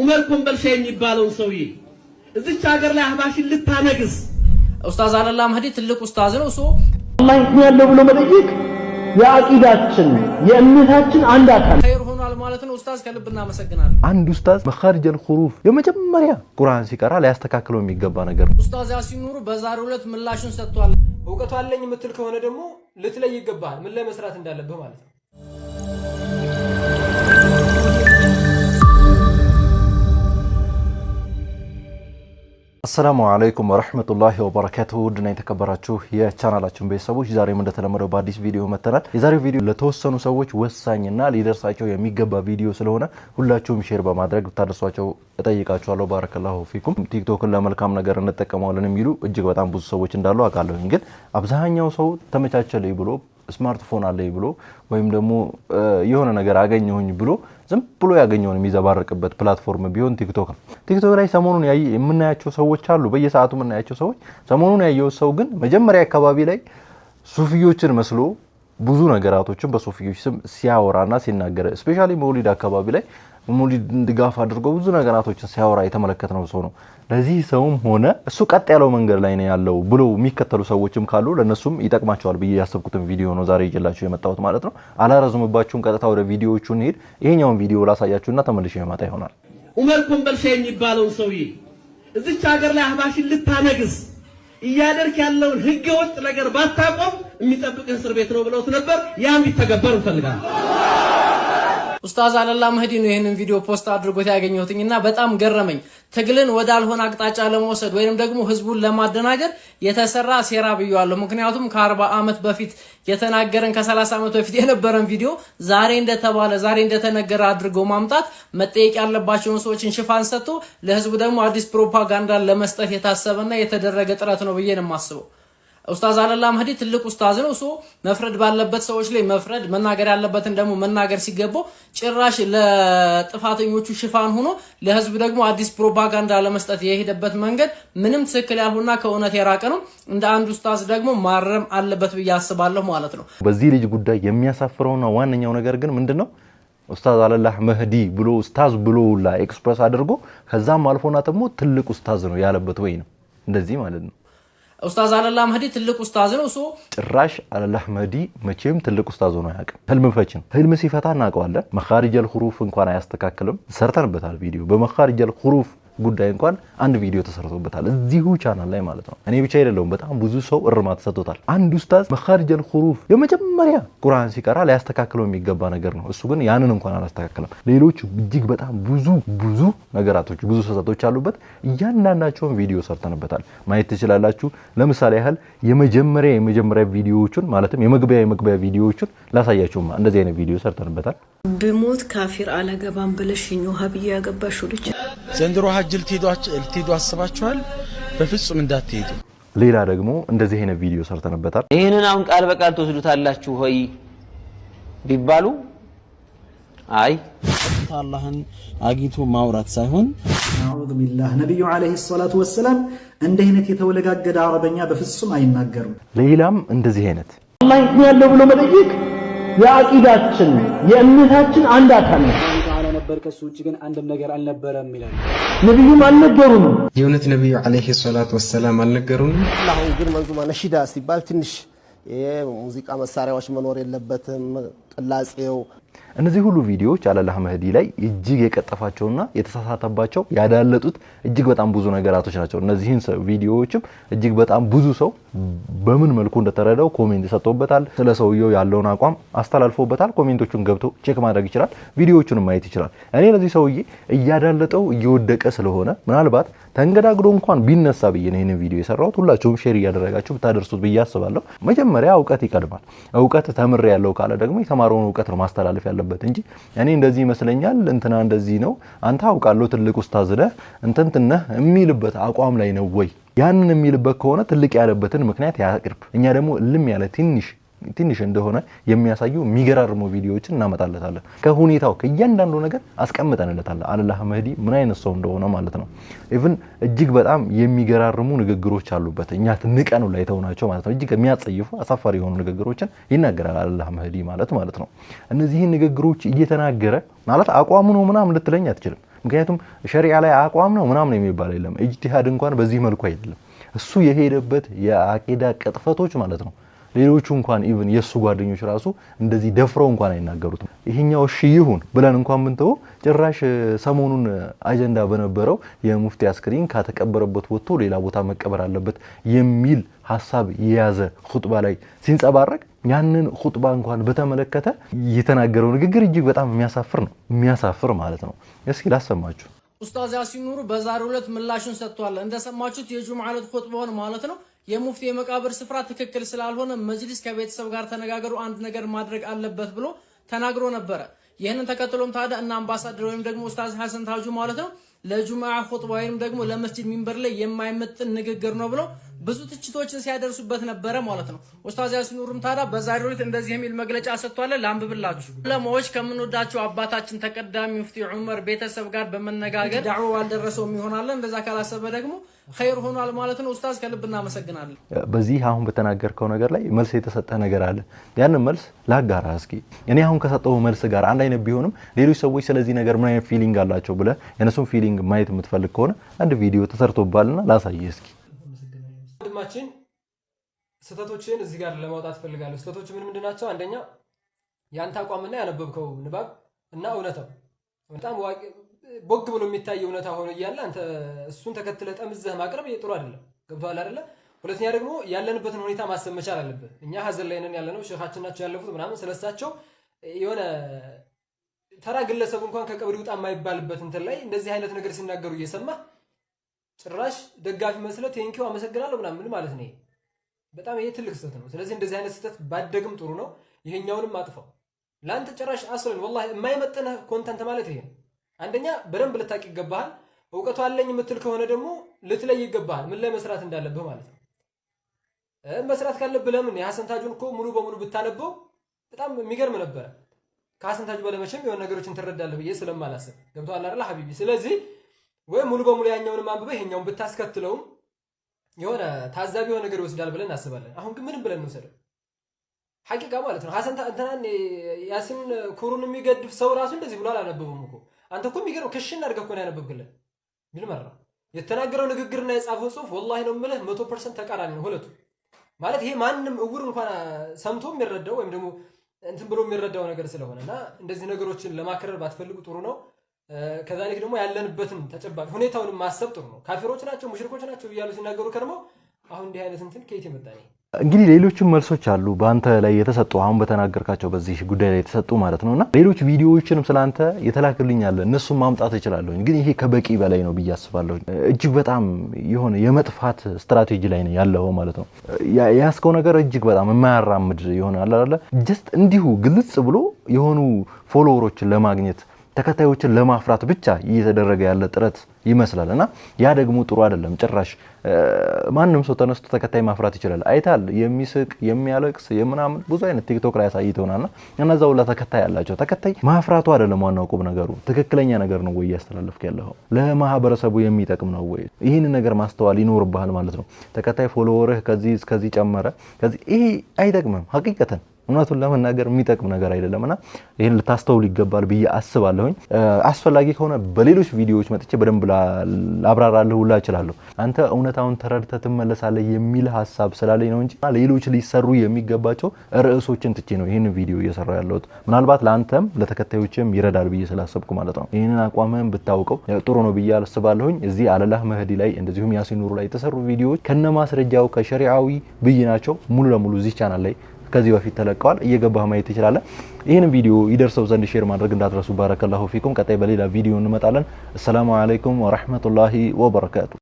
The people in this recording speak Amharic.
ኡመር ኮምበልሻ የሚባለውን ሰውዬ እዚች ሀገር ላይ አህባሽን ልታነግስ ኡስታዝ አለላ ማህዲ ትልቅ ኡስታዝ ነው። ሶ አላህ የት ያለው ብሎ መጠየቅ የአቂዳችን የእምነታችን አንድ አካል ሆኗል ማለት ነው። ኡስታዝ ከልብ እናመሰግናለን። አንድ ኡስታዝ መኻሪጀል ሁሩፍ የመጀመሪያ ቁርአን ሲቀራ ሊያስተካክለው የሚገባ ነገር ነው። ኡስታዝ ያሲን ኑሩ በዛሬው ዕለት ምላሹን ሰጥቷል። እውቀቱ አለኝ የምትል ከሆነ ደግሞ ልትለይ ይገባል፣ ምን ላይ መስራት እንዳለብህ ማለት ነው። አሰላሙ አለይኩም ወረህመቱላሂ ወበረካቱ ውድና የተከበራችሁ የቻናላችን ቤተሰቦች ዛሬም እንደተለመደው በአዲስ ቪዲዮ መጥተናል። የዛሬው ቪዲዮ ለተወሰኑ ሰዎች ወሳኝና ሊደርሳቸው የሚገባ ቪዲዮ ስለሆነ ሁላችሁም ሼር በማድረግ ብታደርሷቸው እጠይቃችኋለሁ። ባረከላሁ ፊኩም። ቲክቶክን ለመልካም ነገር እንጠቀመዋለን የሚሉ እጅግ በጣም ብዙ ሰዎች እንዳሉ አውቃለሁ። ግን አብዛኛው ሰው ተመቻቸልኝ ብሎ ስማርትፎን አለኝ ብሎ ወይም ደግሞ የሆነ ነገር አገኘሁኝ ብሎ ዝም ብሎ ያገኘውን የሚዘባረቅበት ፕላትፎርም ቢሆን ቲክቶክ ነው። ቲክቶክ ላይ ሰሞኑን የምናያቸው ሰዎች አሉ፣ በየሰዓቱ የምናያቸው ሰዎች። ሰሞኑን ያየው ሰው ግን መጀመሪያ አካባቢ ላይ ሱፍዮችን መስሎ ብዙ ነገራቶችን በሱፍዮች ስም ሲያወራና ሲናገረ፣ እስፔሻሊ መውሊድ አካባቢ ላይ ሙኒድን ድጋፍ አድርጎ ብዙ ነገራቶችን ሲያወራ ነው ሰው ነው። ለዚህ ሰውም ሆነ እሱ ቀጥ ያለው መንገድ ላይ ነው ያለው ብሎ የሚከተሉ ሰዎችም ካሉ ለእነሱም ይጠቅማቸዋል ብዬ ያሰብኩትን ቪዲዮ ነው ዛሬ ይዤላችሁ የመጣሁት ማለት ነው። አላረዝምባችሁም፣ ቀጥታ ወደ ቪዲዮዎቹ እንሄድ። ይሄኛውን ቪዲዮ ላሳያችሁና ተመልሼ የመጣ ይሆናል። ኡመር ኮምበልሻ የሚባለውን ሰውዬ እዚች ሀገር ላይ አህባሽን ልታነግስ እያደርክ ያለውን ህገወጥ ነገር ባታቆም የሚጠብቅ እስር ቤት ነው ብለውት ነበር። ያም ይተገበር እንፈልጋለን። ኡስታዝ አለላ መህዲ ነው ይህንን ቪዲዮ ፖስት አድርጎት ያገኘሁትኝ እና በጣም ገረመኝ። ትግልን ወዳልሆነ አቅጣጫ ለመውሰድ ወይንም ደግሞ ህዝቡን ለማደናገር የተሰራ ሴራ ብየዋለሁ። ምክንያቱም ከ40 ዓመት በፊት የተናገረን ከ30 ዓመት በፊት የነበረን ቪዲዮ ዛሬ እንደተባለ ዛሬ እንደተነገረ አድርጎ ማምጣት መጠየቅ ያለባቸውን ሰዎችን ሽፋን ሰጥቶ ለህዝቡ ደግሞ አዲስ ፕሮፓጋንዳን ለመስጠት የታሰበና የተደረገ ጥረት ነው ብዬ ነው የማስበው። ኡስታዝ አለላ መህዲ ትልቅ ኡስታዝ ነው። እሱ መፍረድ ባለበት ሰዎች ላይ መፍረድ፣ መናገር ያለበትን ደግሞ መናገር ሲገባው ጭራሽ ለጥፋተኞቹ ሽፋን ሆኖ ለህዝብ ደግሞ አዲስ ፕሮፓጋንዳ ለመስጠት የሄደበት መንገድ ምንም ትክክል ያልሆነና ከእውነት የራቀ ነው። እንደ አንድ ኡስታዝ ደግሞ ማረም አለበት ብዬ አስባለሁ ማለት ነው። በዚህ ልጅ ጉዳይ የሚያሳፍረውና ዋነኛው ነገር ግን ምንድን ነው ኡስታዝ አለላ መህዲ ብሎ ኡስታዝ ብሎ ላ ኤክስፕረስ አድርጎ ከዛም አልፎና ደግሞ ትልቅ ኡስታዝ ነው ያለበት ወይ ነው እንደዚህ ማለት ነው ኡስታዝ አለላ መህዲ ትልቅ ኡስታዝ ነው። እሱ ጭራሽ አለላ መህዲ መቼም ትልቅ ኡስታዝ ሆኖ አያውቅም። ህልም ፈችን ህልም ሲፈታ እናውቀዋለን። መኻሪጀል ሁሩፍ እንኳን አያስተካክልም። ሰርተንበታል ቪዲዮ በመኻሪጀል ሁሩፍ ጉዳይ እንኳን አንድ ቪዲዮ ተሰርቶበታል እዚሁ ቻናል ላይ ማለት ነው። እኔ ብቻ አይደለሁም፣ በጣም ብዙ ሰው እርማት ሰጥቶታል። አንድ ኡስታዝ መኻሪጀል ሁሩፍ የመጀመሪያ ቁርአን ሲቀራ ሊያስተካክለው የሚገባ ነገር ነው። እሱ ግን ያንን እንኳን አላስተካከለም። ሌሎቹ እጅግ በጣም ብዙ ብዙ ነገራቶች ብዙ ስህተቶች አሉበት። እያንዳንዳቸውን ቪዲዮ ሰርተንበታል፣ ማየት ትችላላችሁ። ለምሳሌ ያህል የመጀመሪያ የመጀመሪያ ቪዲዮዎቹን ማለትም የመግቢያ የመግቢያ ቪዲዮዎቹን ላሳያችሁማ እንደዚህ አይነት ቪዲዮ ሰርተንበታል። ብሞት ካፊር አላገባም ብለሽኝ ውሃ ብዬ ያገባሽው ልጅ ዘንድሮ ሀጅ ልትሄዱ አስባችኋል? በፍጹም እንዳትሄዱ። ሌላ ደግሞ እንደዚህ አይነት ቪዲዮ ሰርተንበታል። ይህንን አሁን ቃል በቃል ትወስዱታላችሁ ሆይ ቢባሉ አይ አላህን አግኝቶ ማውራት ሳይሆን አዑዝ ቢላህ ነቢዩ ዓለይሂ ሰላቱ ወሰላም እንዲህ አይነት የተወለጋገደ አረበኛ በፍጹም አይናገሩም። ሌላም እንደዚህ አይነት አላህ ያለው ብሎ መጠየቅ የአቂዳችን የእምነታችን አንድ አካል ነው። ነበር ከሱ ውጭ ግን አንድም ነገር አልነበረም ይላል። ነቢዩም አልነገሩንም። የእውነት ነቢዩ ዓለይሂ ሰላቱ ወሰላም አልነገሩንም። አሁን ግን መንዙማ ነሺዳ ሲባል ትንሽ የሙዚቃ መሳሪያዎች መኖር የለበትም ጥላጼው እነዚህ ሁሉ ቪዲዮዎች አላላህ መህዲ ላይ እጅግ የቀጠፋቸውና የተሳሳተባቸው ያዳለጡት እጅግ በጣም ብዙ ነገራቶች ናቸው። እነዚህን ቪዲዮዎችም እጅግ በጣም ብዙ ሰው በምን መልኩ እንደተረዳው ኮሜንት ሰጥቶበታል። ስለ ሰውየው ያለውን አቋም አስተላልፎበታል። ኮሜንቶቹን ገብቶ ቼክ ማድረግ ይችላል። ቪዲዮዎቹንም ማየት ይችላል። እኔ ለዚህ ሰውዬ እያዳለጠው እየወደቀ ስለሆነ ምናልባት ተንገዳግዶ እንኳን ቢነሳ ብዬ ነው ይህንን ቪዲዮ የሰራሁት። ሁላችሁም ሼር እያደረጋችሁ ብታደርሱት ብዬ አስባለሁ። መጀመሪያ እውቀት ይቀድማል። እውቀት ተምሬ ያለው ካለ ደግሞ የተማረውን እውቀት ነው ማስተላለፍ ያለበት እንጂ እኔ እንደዚህ ይመስለኛል እንትና እንደዚህ ነው አንተ አውቃለሁ ትልቅ ኡስታዝ ነህ እንትንትነህ የሚልበት አቋም ላይ ነው ወይ? ያንን የሚልበት ከሆነ ትልቅ ያለበትን ምክንያት ያቅርብ። እኛ ደግሞ እልም ያለ ትንሽ ትንሽ እንደሆነ የሚያሳዩ የሚገራርሙ ቪዲዮዎችን እናመጣለታለን። ከሁኔታው ከእያንዳንዱ ነገር አስቀምጠንለታለን። አለላህ መህዲ ምን አይነት ሰው እንደሆነ ማለት ነው። ኢቭን እጅግ በጣም የሚገራርሙ ንግግሮች አሉበት። እኛ ንቀኑ ላይ ተውናቸው ማለት ነው። እጅግ የሚያጸይፉ አሳፋሪ የሆኑ ንግግሮችን ይናገራል አለላህ መህዲ ማለት ማለት ነው። እነዚህን ንግግሮች እየተናገረ ማለት አቋሙ ነው ምናምን ልትለኝ አትችልም። ምክንያቱም ሸሪዓ ላይ አቋም ነው ምናምን የሚባል የለም። ኢጅቲሃድ እንኳን በዚህ መልኩ አይደለም። እሱ የሄደበት የአቂዳ ቅጥፈቶች ማለት ነው ሌሎቹ እንኳን ኢቭን የእሱ ጓደኞች ራሱ እንደዚህ ደፍረው እንኳን አይናገሩትም። ይሄኛው እሺ ይሁን ብለን እንኳን ብንተወው ጭራሽ ሰሞኑን አጀንዳ በነበረው የሙፍቲ አስክሬን ከተቀበረበት ወጥቶ ሌላ ቦታ መቀበር አለበት የሚል ሀሳብ የያዘ ሁጥባ ላይ ሲንጸባረቅ ያንን ሁጥባ እንኳን በተመለከተ የተናገረው ንግግር እጅግ በጣም የሚያሳፍር ነው፣ የሚያሳፍር ማለት ነው። እስኪ ላሰማችሁ። ኡስታዝ ያሲን ኑሩ በዛሬው ዕለት ምላሹን ሰጥቷል። እንደሰማችሁት የጁምዓ ዕለት ሁጥባውን ማለት ነው የሙፍቲ የመቃብር ስፍራ ትክክል ስላልሆነ መጅሊስ ከቤተሰብ ጋር ተነጋገሩ፣ አንድ ነገር ማድረግ አለበት ብሎ ተናግሮ ነበረ። ይህንን ተከትሎም ታዲያ እና አምባሳደር ወይም ደግሞ ኡስታዝ ሐሰን ታጁ ማለት ነው ለጁምዓ ኹጥባ ወይም ደግሞ ለመስጂድ ሚንበር ላይ የማይመጥን ንግግር ነው ብለው ብዙ ትችቶችን ሲያደርሱበት ነበረ ማለት ነው። ኡስታዝ ያሲን ኑሩም ታዲያ በዛሬው ዕለት እንደዚህ የሚል መግለጫ ሰጥቷል። ላንብብላችሁ። ዑለማዎች ከምንወዳቸው አባታችን ተቀዳሚ ሙፍቲ ዑመር ቤተሰብ ጋር በመነጋገር ዳዕዋ አልደረሰውም ይሆናል። እንደዛ ካላሰበ ደግሞ ኸይር ሆኗል ማለት ነው። ኡስታዝ ከልብ እናመሰግናለን። በዚህ አሁን በተናገርከው ነገር ላይ መልስ የተሰጠ ነገር አለ። ያንን መልስ ላጋራ እስኪ። እኔ አሁን ከሰጠው መልስ ጋር አንድ አይነት ቢሆንም ሌሎች ሰዎች ስለዚህ ነገር ምን አይነት ፊሊንግ አላቸው ብለህ የነሱን ፊሊንግ ማየት የምትፈልግ ከሆነ አንድ ቪዲዮ ተሰርቶባልና ላሳይ እስኪ ወንድማችን ስህተቶችን እዚህ ጋር ለማውጣት ፈልጋለሁ። ስህተቶች ምን ምንድን ናቸው? አንደኛ የአንተ አቋምና ያነበብከው ንባብ እና እውነታው በጣም ቦግ ብሎ የሚታይ እውነታ ሆኖ እያለ አንተ እሱን ተከትለ ጠምዘህ ማቅረብ ጥሩ አይደለም። ገብቶሃል አይደለ? ሁለተኛ ደግሞ ያለንበትን ሁኔታ ማሰብ መቻል አለብህ። እኛ ሀዘን ላይ ነን ያለነው ሼኻችን ናቸው ያለፉት ምናምን ስለሳቸው የሆነ ተራ ግለሰብ እንኳን ከቀብሪ ውጣ የማይባልበት እንትን ላይ እንደዚህ አይነት ነገር ሲናገሩ እየሰማህ ጭራሽ ደጋፊ መስለ ቴንኪው አመሰግናለሁ ምናምን ማለት ነው። በጣም ይሄ ትልቅ ስህተት ነው። ስለዚህ እንደዚህ አይነት ስህተት ባደግም ጥሩ ነው። ይሄኛውንም አጥፋው። ለአንተ ጭራሽ አስረን ወላሂ የማይመጥንህ ኮንተንት ማለት ይሄ ነው። አንደኛ በደንብ ልታቅ ይገባሃል። እውቀቱ አለኝ የምትል ከሆነ ደግሞ ልትለይ ይገባሃል። ምን ላይ መስራት እንዳለብህ ማለት ነው። መስራት ካለብህ ለምን የሐሰን እኮ ሙሉ በሙሉ ብታነበው በጣም የሚገርም ነበረ። ከሐሰን ታጁ የሆነ ነገሮችን ትረዳለህ ብዬ ስለማላስብ ገብቶሃል አይደል ሐቢቢ? ስለዚህ ወይም ሙሉ በሙሉ ያኛውንም አንብበህ ይሄኛውን ብታስከትለውም የሆነ ታዛቢ የሆነ ነገር ይወስዳል ብለን እናስባለን። አሁን ግን ምንም ብለን እንውሰደው ሐቂቃ ማለት ነው። ሐሰን እንትናን ያሲን ኩሩን የሚገድፍ ሰው ራሱ እንደዚህ ብሎ አላነበበም እኮ። አንተ እኮ የሚገርም ክሽን አድርገህ እኮ ነው ያነበብክልን። ምን መራ የተናገረው ንግግርና የጻፈው ጽሁፍ ወላሂ ነው የምልህ መቶ ፐርሰንት ተቃራኒ ነው ሁለቱ። ማለት ይሄ ማንም እውር እንኳን ሰምቶ የሚረዳው ወይም ደግሞ እንትን ብሎ የሚረዳው ነገር ስለሆነ እና እንደዚህ ነገሮችን ለማክረር ባትፈልጉ ጥሩ ነው። ከዛሊክ ደግሞ ያለንበትን ተጨባጭ ሁኔታውንም ማሰብ ጥሩ ነው። ካፊሮች ናቸው ሙሽሪኮች ናቸው እያሉ ሲናገሩ ከድሞ አሁን እንዲህ አይነት እንትን ከየት የመጣ ነው? እንግዲህ ሌሎችም መልሶች አሉ በአንተ ላይ የተሰጡ አሁን በተናገርካቸው በዚህ ጉዳይ ላይ የተሰጡ ማለት ነውና ሌሎች ቪዲዮዎችንም የተላክልኝ የተላክልኛል እነሱን ማምጣት እችላለሁ፣ ግን ይሄ ከበቂ በላይ ነው ብዬ አስባለሁ። እጅግ በጣም የሆነ የመጥፋት ስትራቴጂ ላይ ነው ያለው ማለት ነው። ያስከው ነገር እጅግ በጣም የማያራምድ የሆነ አላለ ጀስት እንዲሁ ግልጽ ብሎ የሆኑ ፎሎወሮችን ለማግኘት ተከታዮችን ለማፍራት ብቻ እየተደረገ ያለ ጥረት ይመስላል እና ያ ደግሞ ጥሩ አይደለም። ጭራሽ ማንም ሰው ተነስቶ ተከታይ ማፍራት ይችላል። አይታል የሚስቅ የሚያለቅስ የምናምን ብዙ አይነት ቲክቶክ ላይ አሳይተውናልና እነዛ ሁላ ተከታይ ያላቸው ተከታይ ማፍራቱ አይደለም ዋናው ቁም ነገሩ። ትክክለኛ ነገር ነው ወይ እያስተላለፍክ ያለው ለማህበረሰቡ የሚጠቅም ነው ወይ? ይህን ነገር ማስተዋል ይኖርብሃል ማለት ነው። ተከታይ ፎሎወርህ ከዚህ እስከዚህ ጨመረ፣ ከዚህ ይሄ አይጠቅምም ሀቂቀተን እውነቱን ለመናገር የሚጠቅም ነገር አይደለም እና ይህን ልታስተውሉ ይገባል ብዬ አስባለሁኝ። አስፈላጊ ከሆነ በሌሎች ቪዲዮዎች መጥቼ በደንብ ላብራራለሁ ሁላ እችላለሁ። አንተ እውነታውን ተረድተህ ትመለሳለህ የሚል ሀሳብ ስላለኝ ነው እንጂ ሌሎች ሊሰሩ የሚገባቸው ርዕሶችን ትቼ ነው ይህን ቪዲዮ እየሰራ ያለሁት። ምናልባት ለአንተም ለተከታዮችም ይረዳል ብዬ ስላሰብኩ ማለት ነው። ይህንን አቋምህን ብታውቀው ጥሩ ነው ብዬ አስባለሁኝ። እዚህ አለላህ መህዲ ላይ እንደዚሁም ያሲኑሩ ላይ የተሰሩ ቪዲዮዎች ከነ ማስረጃው ከሸሪዓዊ ብይ ናቸው ሙሉ ለሙሉ እዚህ ቻናል ላይ ከዚህ በፊት ተለቀዋል። እየገባህ ማየት ትችላለህ። ይህንን ቪዲዮ ይደርሰው ዘንድ ሼር ማድረግ እንዳትረሱ። ባረከላሁ ፊኩም። ቀጣይ በሌላ ቪዲዮ እንመጣለን። አሰላሙ አለይኩም ወረህመቱላሂ ወበረካቱ።